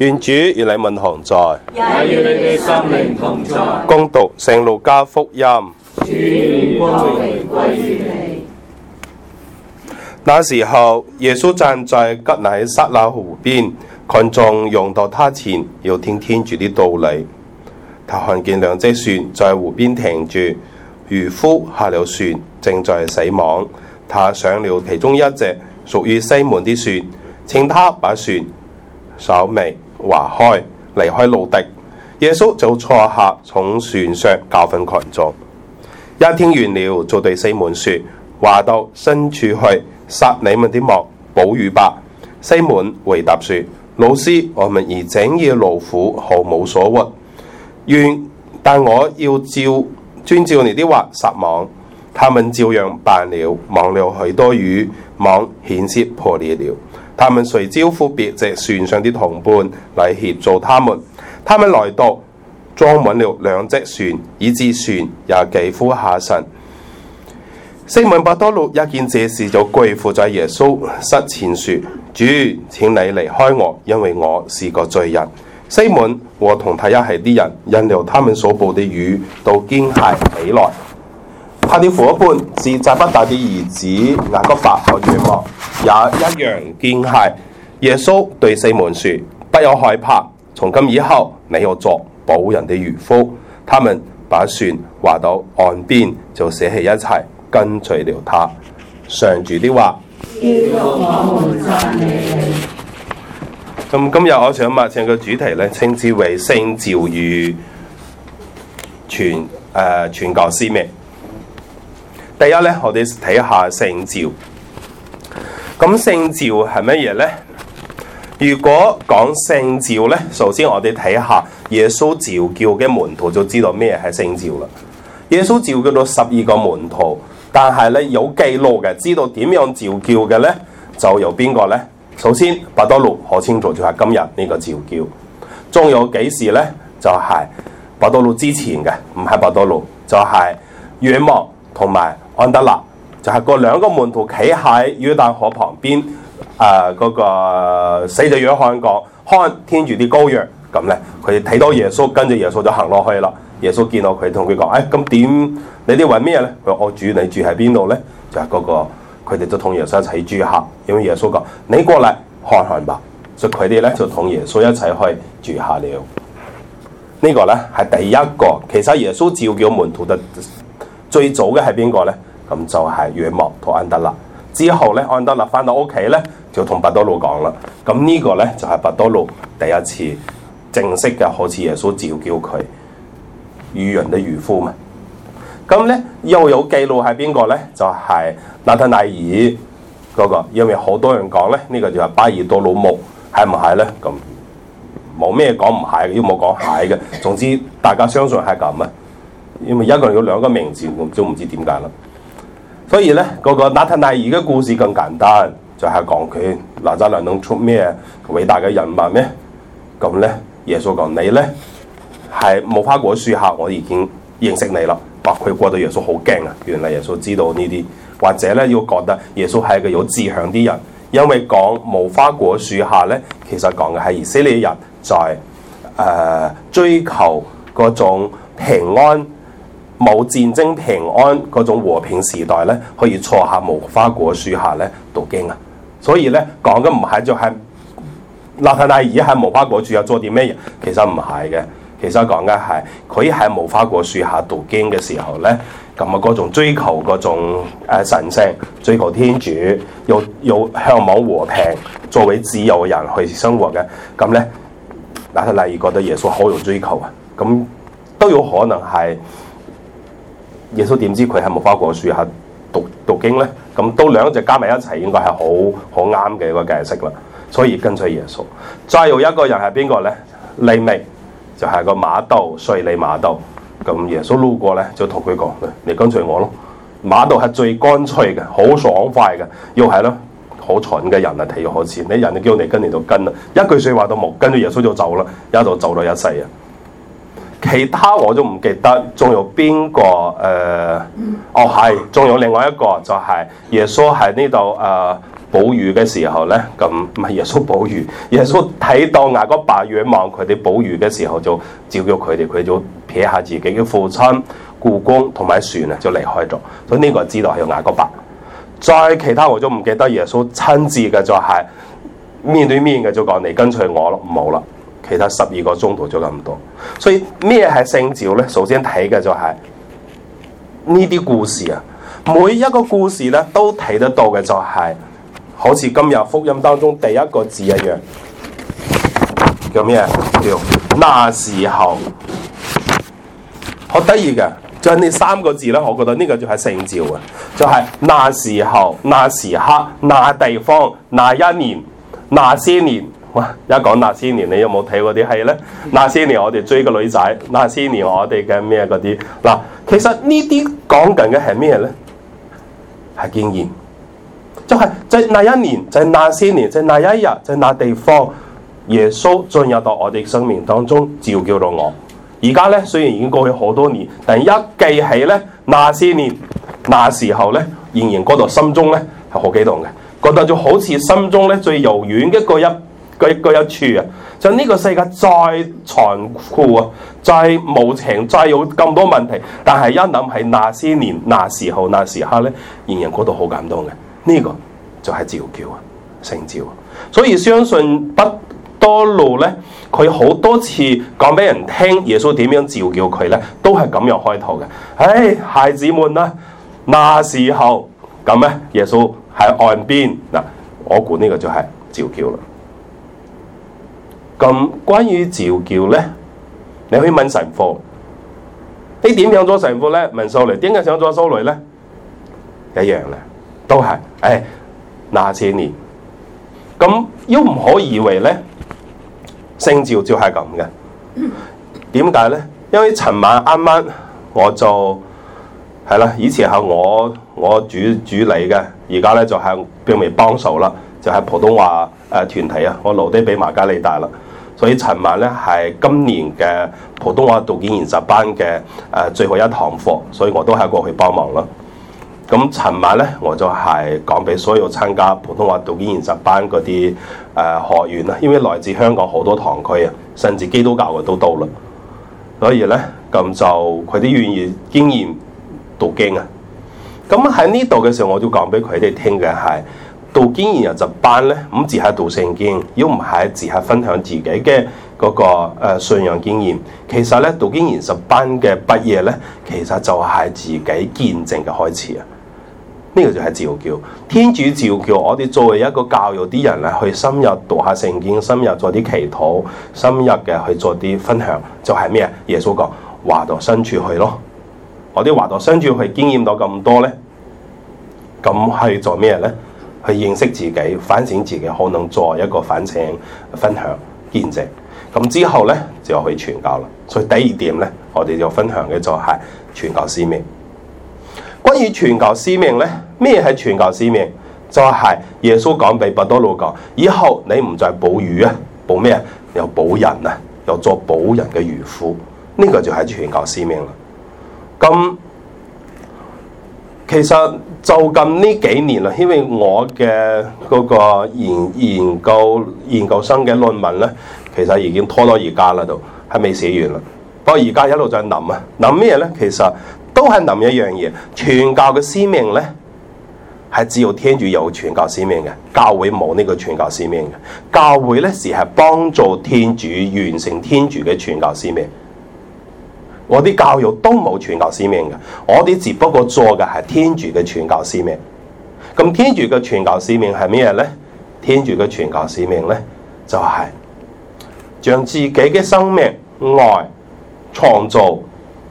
願主與你們同在，也與你嘅心靈同在。恭讀聖路加福音，全歸歸於你。那時候，耶穌站在吉乃撒拉湖邊，群眾擁到他前，要聽天主啲道理。他看見兩隻船在湖邊停住，漁夫下了船，正在洗網。他上了其中一隻，屬於西門啲船，請他把船稍微。划開離開陸地，耶穌就坐下從船上教訓群眾。一天完了，就對西門說：話到深處去，撒你們的網捕魚吧。西門回答說：老師，我們已整夜勞苦，毫無所獲。願但我要照遵照你的話撒網，他們照樣辦了，網了許多魚，網險些破裂了。他們遂招呼別隻船上的同伴嚟協助他們。他們來到，裝滿了兩隻船，以致船也幾乎下沉。西門巴多祿一見這事就跪伏在耶穌膝前說：主，請你離開我，因為我是個罪人。西門和同他一起的人因了他們所捕的魚都驚駭起來。他的夥伴是載伯德的兒子雅各伯，和若望也一樣驚駭。耶穌對四門說：不要害怕，從今以後你要作捕人的漁夫。他們把船划到岸邊，就捨棄一切，跟隨了他。常住啲話。咁今日我想擘唱嘅主題呢，稱之為聖召與傳，呃，傳教使命。第一咧，我哋睇下聖召。咁聖召係乜嘢咧？如果講聖召咧，首先我哋睇下耶穌召叫嘅門徒就知道咩係聖召啦。耶穌召叫到十二個門徒，但係咧，有記錄嘅知道點樣召叫嘅咧，就由邊個咧？首先，伯多祿好清楚就係今日呢個召叫。仲有幾時咧？就係伯多祿之前嘅，唔係伯多祿，就係、是、若望同埋。安德肋就係、是、嗰兩個門徒企喺約旦河旁邊，誒、呃、嗰、那個洗者若翰講，看天主啲羔羊，咁咧佢睇到耶穌，跟住耶穌就行落去啦。耶穌見到佢同佢講，誒咁點你哋揾咩咧？佢我主你住喺邊度咧？就係、是、嗰、那個佢哋都同耶穌一齊住一下，因為耶穌講，你過嚟看看吧，所以佢哋咧就同耶穌一齊去住下了。這個、呢個咧係第一個，其實耶穌召叫門徒的。最早嘅係邊個咧？咁就係約莫同安德肋。之後咧，安德肋返到屋企咧，就同伯多祿講啦。咁呢個咧就係伯多祿第一次正式嘅好似耶穌召叫佢漁人的漁夫嘛。咁咧又有記錄係邊個咧？就係、是、納塔乃爾嗰、那個，因為好多人講咧，呢、這個就係巴爾多祿茂係唔係咧？咁冇咩講唔係，又冇講係嘅。總之大家相信係咁啊。因為一個人有兩個名字，我都唔知點解啦。所以咧，嗰、嗰個納塔納爾嘅故事咁簡單，就係講佢拿撒勒能出咩偉大嘅人物咩？咁咧，耶穌講你咧係無花果樹下，我已經認識你啦。嘩，佢覺得耶穌好驚啊！原來耶穌知道呢啲，或者咧要覺得耶穌係一個有志向啲人，因為講無花果樹下咧，其實講嘅係以色列人在誒、就係呃、追求嗰種平安。冇戰爭、平安嗰種和平時代咧，可以坐喺無花果樹下咧讀經啊！所以咧講嘅唔係就係納塔乃耳喺無花果樹下做啲咩嘢？」其實唔係嘅，其實講嘅係佢喺無花果樹下讀經嘅時候咧，咁啊嗰種追求嗰種神聖、追求天主，又又向往和平，作為自由嘅人去生活嘅，咁咧納塔乃耳覺得耶穌好有追求啊！咁都有可能係。耶穌點知佢係無花果樹下讀讀,讀經咧？咁都兩隻加埋一齊，應該係好好啱嘅一個解釋啦。所以跟隨耶穌。再有一個人係邊個咧？利未就係、是、個瑪竇，稅吏瑪竇。咁耶穌路過咧，就同佢講：，你跟隨我咯。瑪竇係最乾脆嘅，好爽快嘅。又係咯，蠢的好蠢嘅人啊，睇又好似你人叫你跟你就跟啦，一句説話都冇，跟住耶穌就走了，一路走咗一世啊！其他我都唔記得，仲有邊個誒、呃嗯？哦，係，仲有另外一個就係、是、耶穌喺呢度誒捕魚嘅時候咧，咁唔係耶穌捕魚。耶穌睇到雅各伯仰望佢哋捕魚嘅時候，就召叫佢哋，佢就撇下自己嘅父親、僱工同埋船啊，就離開咗。所以呢個知道係有雅各伯。再其他我都唔記得，耶穌親自嘅就係面對面嘅就講你跟隨我咯，唔好啦。其他十二個鐘度咗咁多，所以咩係聖召咧？首先睇嘅就係呢啲故事啊，每一個故事咧都睇得到嘅就係、是，好似今日福音當中第一個字一樣，叫咩？叫那時候。好得意嘅，就係呢三個字咧。我覺得呢個就係聖召啊，就係、是、那時候、那時刻、那地方、那一年、那些年。哇！一講那些年，你有冇睇過啲戲咧？那些年我哋追個女仔，那些年我哋嘅咩嗰啲嗱，其實呢啲講緊嘅係咩咧？係經驗，就係、是、在那一年，就係那些年，就係那一日，就係那地方，耶穌進入到我哋生命當中，召叫到我。而家咧雖然已經過去好多年，但係一記起咧那些年那時候咧，仍然嗰度心中咧係好激動嘅，覺得就好似心中咧最柔軟一個人。句句一處啊！就呢個世界再殘酷啊，再無情，再有咁多問題，但係一諗係那些年那那人人、這個哎啊、那時候、那時刻咧，仍然覺得好感動嘅。呢個就係召叫啊，聖召啊，所以相信不多路咧，佢好多次講俾人聽耶穌點樣召叫佢咧，都係咁樣開頭嘅。唉，孩子們啊，那時候咁咧，耶穌喺岸邊嗱，我估呢個就係召叫啦。咁關於召叫咧，你可以問神父。你點樣咗神父咧？問蘇雷，點解想咗蘇雷咧？一樣咧，都係，誒、哎，那些年。咁要唔可以以為咧，聖召就係咁嘅。點解咧？因為尋晚啱啱我就係啦，以前係我我主主理嘅，而家咧就係並未幫手啦，就係、是、普通話誒、呃、團體啊，我留低俾馬加利大啦。所以尋晚咧係今年嘅普通話讀經研習班嘅誒、呃、最後一堂課，所以我都係過去幫忙咯。咁尋晚咧，我就係講俾所有參加普通話讀經研習班嗰啲誒學員啦，因為來自香港好多堂區啊，甚至基督教嘅都到啦。所以咧咁就佢哋願意經驗讀經啊。咁喺呢度嘅時候，我就講俾佢哋聽嘅係。讀經研習班咧，咁自係讀聖經，如果唔係自係分享自己嘅嗰個誒信仰經驗，其實咧讀經研習班嘅畢業咧，其實就係自己見證嘅開始啊！呢個就係召叫，天主召叫我哋作為一個教育啲人啊，去深入讀下聖經，深入做啲祈禱，深入嘅去做啲分享，就係咩啊？耶穌講劃到深處去咯，我啲劃到深處去，經驗到咁多咧，咁去做咩咧？去認識自己，反省自己，可能作為一個反省分享見證。咁之後咧就去傳教啦。所以第二點咧，我哋就分享嘅就係傳教使命。關於傳教使命咧，咩係傳教使命？就係、是、耶穌講俾伯多祿講，以後你唔再捕魚啊，捕咩？又捕人啊，又做捕人嘅漁夫。呢、這個就係傳教使命啦。咁其實。就咁呢幾年啦，因為我嘅嗰個研研究研究生嘅論文咧，其實已經拖到而家啦，都係未寫完啦。不過而家一路就係諗啊，諗咩咧？其實都係諗一樣嘢，傳教嘅使命咧，係只有天主有傳教使命嘅，教會冇呢個傳教使命嘅。教會咧時係幫助天主完成天主嘅傳教使命。我啲教育都冇傳教使命嘅，我哋只不過做嘅係天主嘅傳教使命。咁天主嘅傳教使命係咩咧？天主嘅傳教使命咧就係、是、將自己嘅生命愛創造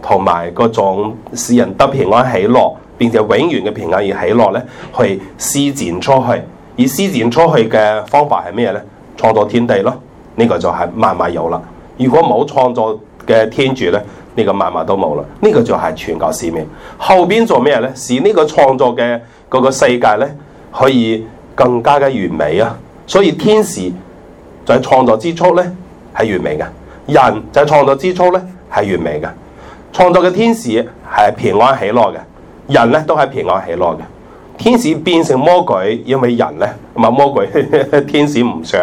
同埋嗰種使人得平安喜樂，並且永遠嘅平安而喜樂咧，去施展出去。而施展出去嘅方法係咩咧？創造天地咯，呢、這個就係慢慢有啦。如果冇創造嘅天主咧？呢、這個萬萬都冇啦，呢、這個就係傳教使命。後邊做咩咧？使呢個創作嘅嗰個世界咧可以更加嘅完美啊！所以天使就係創作之初咧係完美嘅，人就係創作之初咧係完美嘅。創作嘅天使係平安喜樂嘅，人咧都係平安喜樂嘅。天使變成魔鬼，因為人咧唔係魔鬼，呵呵天使唔想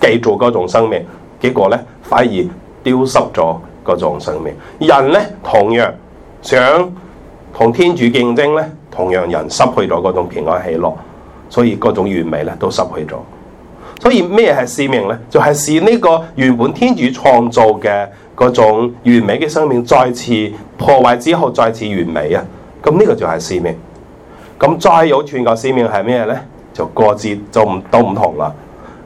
繼續嗰種生命，結果咧反而丟失咗。嗰種生命，人咧同樣想同天主競爭咧，同樣人失去咗嗰種平安喜樂，所以嗰種完美咧都失去咗。所以咩係使命咧？就係、是、使呢個原本天主創造嘅嗰種完美嘅生命再次破壞之後，再次完美啊！咁呢個就係使命。咁再有全球使命係咩咧？就各自就唔都唔同啦。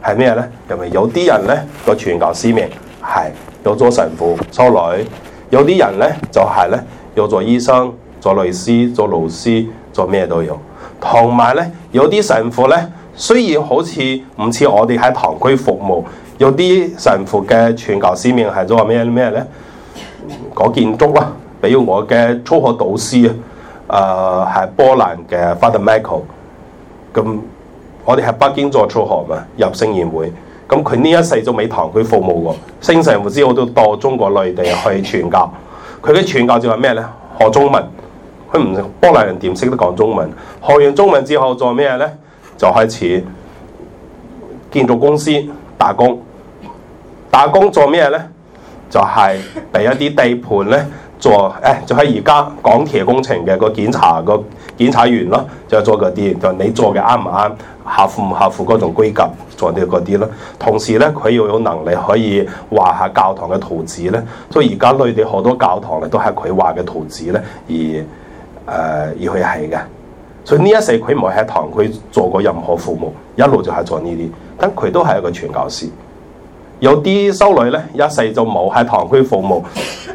係咩咧？因為有啲人咧個全球使命係。有咗神父、修女，有啲人咧就係、是、咧有咗醫生、做律師、做老師、做咩都有。同埋咧，有啲神父咧，雖然好似唔似我哋喺堂區服務，有啲神父嘅傳教使命係做咩咧？咩咧？嗰建築啊，比如我嘅初學導師啊，誒、呃、係波蘭嘅 Father Michael。咁我哋喺北京做初學嘛，入聖言會。咁佢呢一世做美堂佢服務喎，升神父之後都到中國內地去傳教。佢嘅傳教就係咩咧？學中文，佢唔幫黎人點識得講中文。學完中文之後做咩咧？就開始建築公司打工。打工做咩咧？就係、是、俾一啲地盤咧。做誒、哎、就喺而家港鐵工程嘅個檢查、個檢查員咯，就係、做嗰啲就係、你做嘅啱唔啱合唔合乎嗰種規格做呢嗰啲咯。同時咧，佢又有能力可以畫下教堂嘅圖紙咧。所以而家內地好多教堂咧都係佢畫嘅圖紙咧，而誒、呃、而去起嘅。所以呢一世佢唔係喺堂區做過任何服務，一路就係做呢啲。但佢都係一個傳教士。有啲修女咧一世就冇喺堂區服務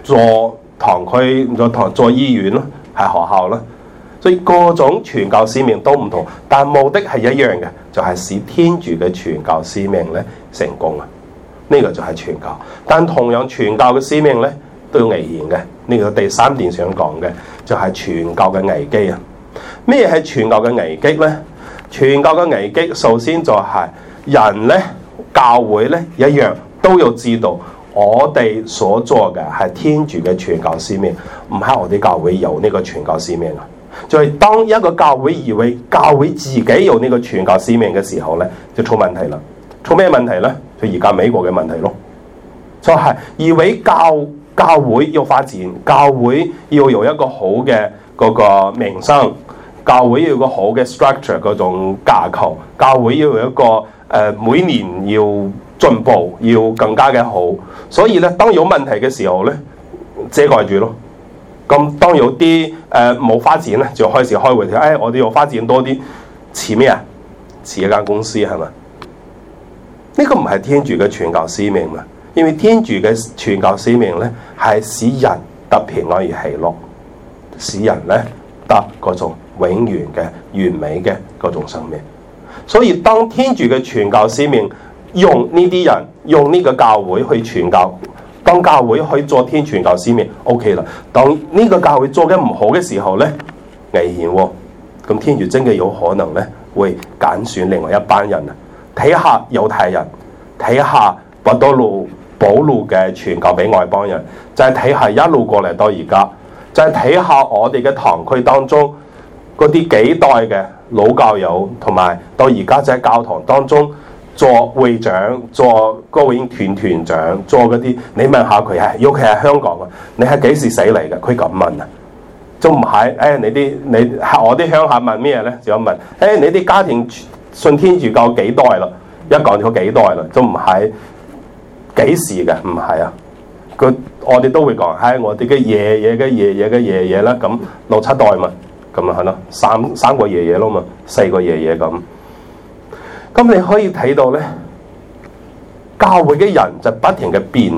做。堂區唔就堂在醫院咯，喺學校咯，所以各種傳教使命都唔同，但目的係一樣嘅，就係、是、使天主嘅傳教使命咧成功啊！呢、這個就係傳教，但同樣傳教嘅使命咧都有危險嘅。呢、這個第三點想講嘅就係傳教嘅危機啊！咩係傳教嘅危機咧？傳教嘅危機首先就係人咧、教會咧一樣都要知道。我哋所做嘅係天主嘅全教使命，唔係我哋教會有呢個全教使命啊！就係、是、當一個教會以為教會自己有呢個全教使命嘅時候咧，就出問題啦。出咩問題咧？就而家美國嘅問題咯。就係以、以為教教會要發展，教會要有一個好嘅嗰個名聲，教會要有個好嘅 structure 嗰種架構，教會要有一個誒、呃、每年要。進步要更加嘅好，所以咧，當有問題嘅時候咧，遮蓋住咯。咁當有啲誒冇發展咧，就開始開會，哎，我哋要發展多啲似咩啊？似一間公司係咪？呢、這個唔係天主嘅傳教使命嘛？因為天主嘅傳教使命咧，係使人得平安而喜樂，使人咧得嗰種永遠嘅完美嘅嗰種生命。所以當天主嘅傳教使命用呢啲人，用呢個教會去傳教，當教會去做天傳教使命，OK 啦。當呢個教會做得唔好嘅時候咧，危險喎、哦。咁天主真嘅有可能咧，會揀選另外一班人啊！睇下猶太人，睇下伯多祿保祿嘅傳教俾外邦人，就係睇下一路過嚟到而家，就係睇下我哋嘅堂區當中嗰啲幾代嘅老教友，同埋到而家就喺教堂當中。做會長，做高個團團長，做嗰啲，你問下佢啊、哎，尤其係香港啊，你係幾時死嚟嘅？佢咁問啊，都唔係，誒、哎、你啲你我啲鄉下問咩咧？就咁問，誒、哎、你啲家庭信天主教幾代咯？一講咗幾代咯，都唔係幾時嘅？唔係啊，佢我哋都會講，係、哎、我哋嘅爺爺嘅爺爺嘅爺爺啦，咁六七代嘛，咁啊係咯，三三個爺爺咯嘛，四個爺爺咁。咁你可以睇到咧，教會嘅人就不停嘅變，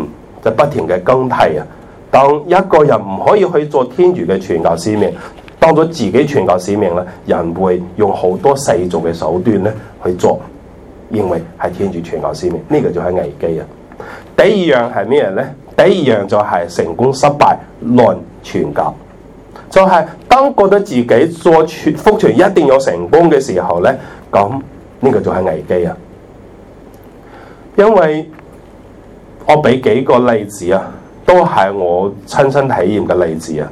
就不停嘅更替啊。當一個人唔可以去做天主嘅傳教使命，當咗自己傳教使命咧，人會用好多世俗嘅手段咧去做，認為係天主傳教使命，呢、這個就係危機啊。第二樣係咩咧？第二樣就係成功失敗論傳教，就係、是、當覺得自己做傳福傳一定要成功嘅時候咧，咁。呢、這個就係危機啊！因為我俾幾個例子啊，都係我親身體驗嘅例子啊。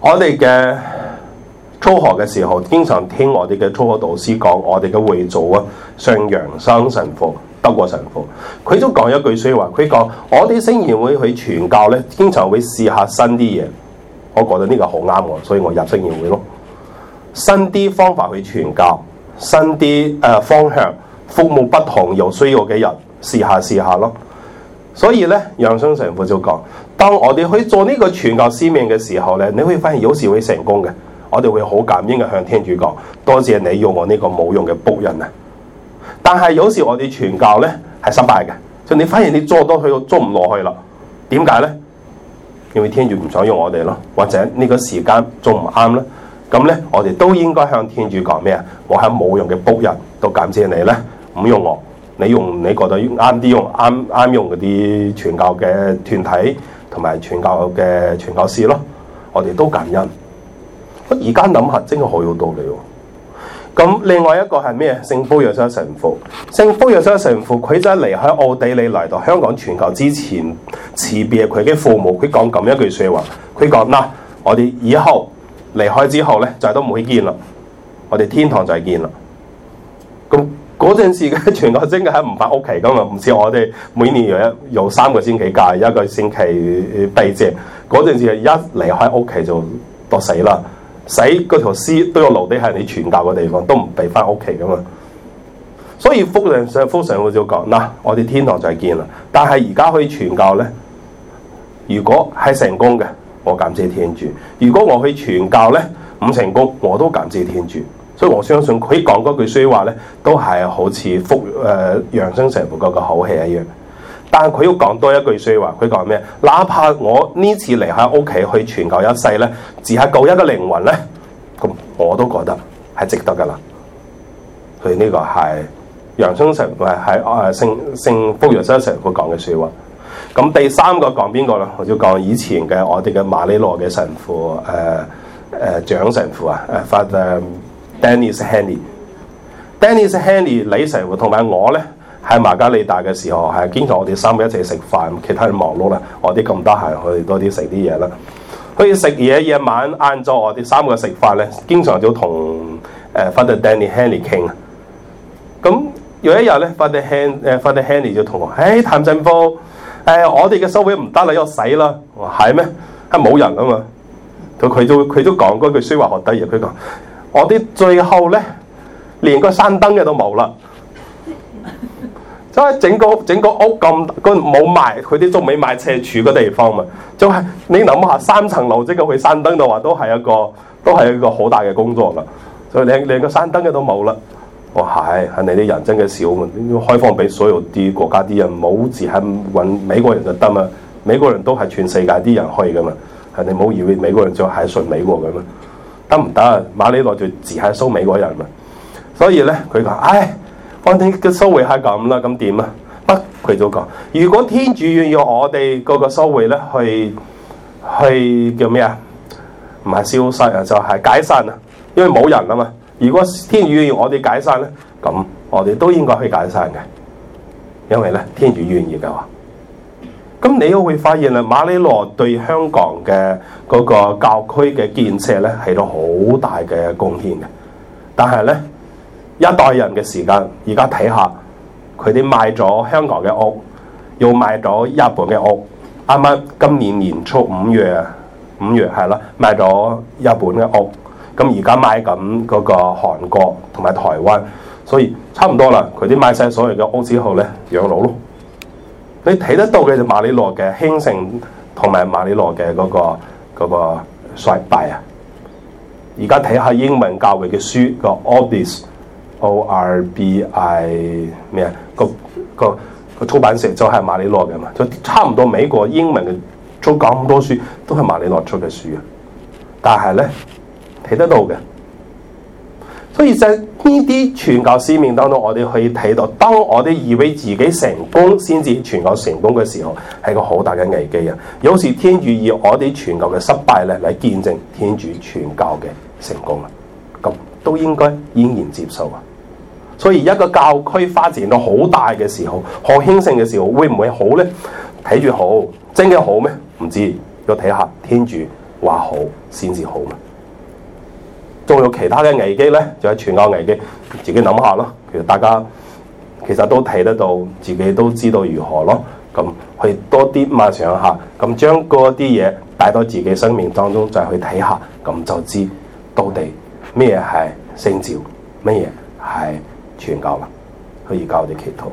我哋嘅初學嘅時候，經常聽我哋嘅初學導師講，我哋嘅會祖啊，聖楊生神父、德國神父，佢都講一句說話，佢講我哋聖言會去傳教咧，經常會試下新啲嘢。我覺得呢個好啱我，所以我入聖言會咯。新啲方法去傳教。新啲誒方向，服務不同有需要嘅人，試下試下咯。所以咧，楊生神父就講：當我哋去做呢個傳教使命嘅時候咧，你可以發現有時會成功嘅，我哋會好感恩嘅向天主講：多謝你用我呢個冇用嘅僕人啊！但係有時我哋傳教咧係失敗嘅，就你發現你做多去捉唔落去啦，點解咧？因為天主唔想用我哋咯，或者呢個時間做唔啱咧。咁咧，我哋都應該向天主講咩啊？我喺冇用嘅僕人都感謝你咧，唔用我，你用你覺得啱啲用啱啱用嗰啲傳教嘅團體同埋傳教嘅傳教士咯。我哋都感恩。而家諗下真係好有道理喎。咁另外一個係咩？聖福若瑟神父，聖福若瑟神父佢就係離開奧地利嚟到香港傳教之前辭別佢嘅父母，佢講咁一句説話，佢講嗱，我哋以後，離開之後咧，就都唔會見啦。我哋天堂再見啦。咁嗰陣時嘅傳教真係唔返屋企㗎嘛。唔似我哋每年有一有三個星期假，一個星期避靜。嗰陣時一離開屋企就都死啦，死嗰條屍都要留低喺你傳教嘅地方，都唔俾翻屋企噶嘛。所以福音上福音我就講嗱，我哋天堂再見啦。但係而家可以傳教咧，如果係成功嘅。我感謝天主。如果我去傳教咧，唔成功，我都感謝天主。所以我相信佢講嗰句説話咧，都係好似福誒楊生成父嗰個口氣一樣。但係佢要講多一句説話，佢講咩？哪怕我呢次離開屋企去傳教一世咧，只係救一個靈魂咧，咁我都覺得係值得噶啦。所以呢個係楊生成父，唔係係聖聖福楊生成父佢講嘅説話。咁第三個講邊個咧？我就講以前嘅我哋嘅馬利諾嘅神父，誒誒長神父啊，Father Dennis Henry。Dennis Henry 李神父同埋我咧喺馬加利大嘅時候係經常我哋三個一齊食飯，其他人忙碌啦，我哋咁得閒，去多啲食啲嘢啦。所以食嘢夜晚晏晝，我哋三個食飯咧，經常就同誒 Father Dennis Henry 傾啊。咁有一日咧，Father Hen 誒 Father Henry 就同我，哎、hey，譚振科。誒，我哋嘅收尾唔得啦，我死啦！我係咩？係冇人啊嘛！佢佢都佢都講嗰句説話學低嘅，佢講我啲最後咧，連個山燈嘅都冇啦。即係整個整個屋咁個冇埋佢啲做尾埋斜柱嘅地方嘛，就係、是、你諗下三層樓，即係去山燈度話都係一個都係一個好大嘅工作啦，所以連連個山燈嘅都冇啦。我係係你啲人真嘅少，要開放俾所有啲國家啲人，冇自係揾美國人就得嘛？美國人都係全世界啲人去噶嘛？人哋冇以為美國人就係信美國噶嘛？得唔得？馬里諾就自係收美國人嘛？所以咧，佢講：唉、哎，我啲嘅修會係咁啦，咁點啊？不，佢就講：如果天主願意我哋嗰個修會咧，去去叫咩啊？唔係消失啊，就係、是、解散啊，因為冇人啊嘛。如果天主願意我哋解散咧，咁我哋都應該去解散嘅，因為咧天主願意嘅話，咁你都會發現啦。瑪利諾對香港嘅嗰個教區嘅建設咧，係都好大嘅貢獻嘅。但係咧，一代人嘅時間，而家睇下佢哋賣咗香港嘅屋，又賣咗日本嘅屋。啱啱今年年初五月，五月係啦，賣咗日本嘅屋。咁而家買緊嗰個韓國同埋台灣，所以差唔多啦。佢啲買晒所有嘅屋之後咧，養老咯。你睇得到嘅就馬里諾嘅《興盛》同埋馬里諾嘅嗰個衰敗啊！而家睇下英文教會嘅書個 Orbis O R B I 咩個個個出版社就係馬里諾嘅嘛，就差唔多美國英文嘅。出咁多書都係馬里諾出嘅書啊！但係咧。睇得到嘅，所以就呢啲傳教使命當中，我哋可以睇到，當我哋以為自己成功，先至傳教成功嘅時候，係個好大嘅危機啊！有時天主以我哋傳教嘅失敗咧嚟見證天主傳教嘅成功啦，咁都應該欣然接受啊！所以一個教區發展到好大嘅時候，好興盛嘅時候，會唔會好咧？睇住好，真嘅好咩？唔知道要睇下天主話好先至好嘛？仲有其他嘅危機咧，就係、是、傳教危機，自己諗下咯。其實大家其實都睇得到，自己都知道如何咯。咁去多啲默想下，咁將嗰啲嘢帶到自己生命當中，再去睇下，咁就知到底咩係聖召，咩係傳教啦，可以教我哋祈禱。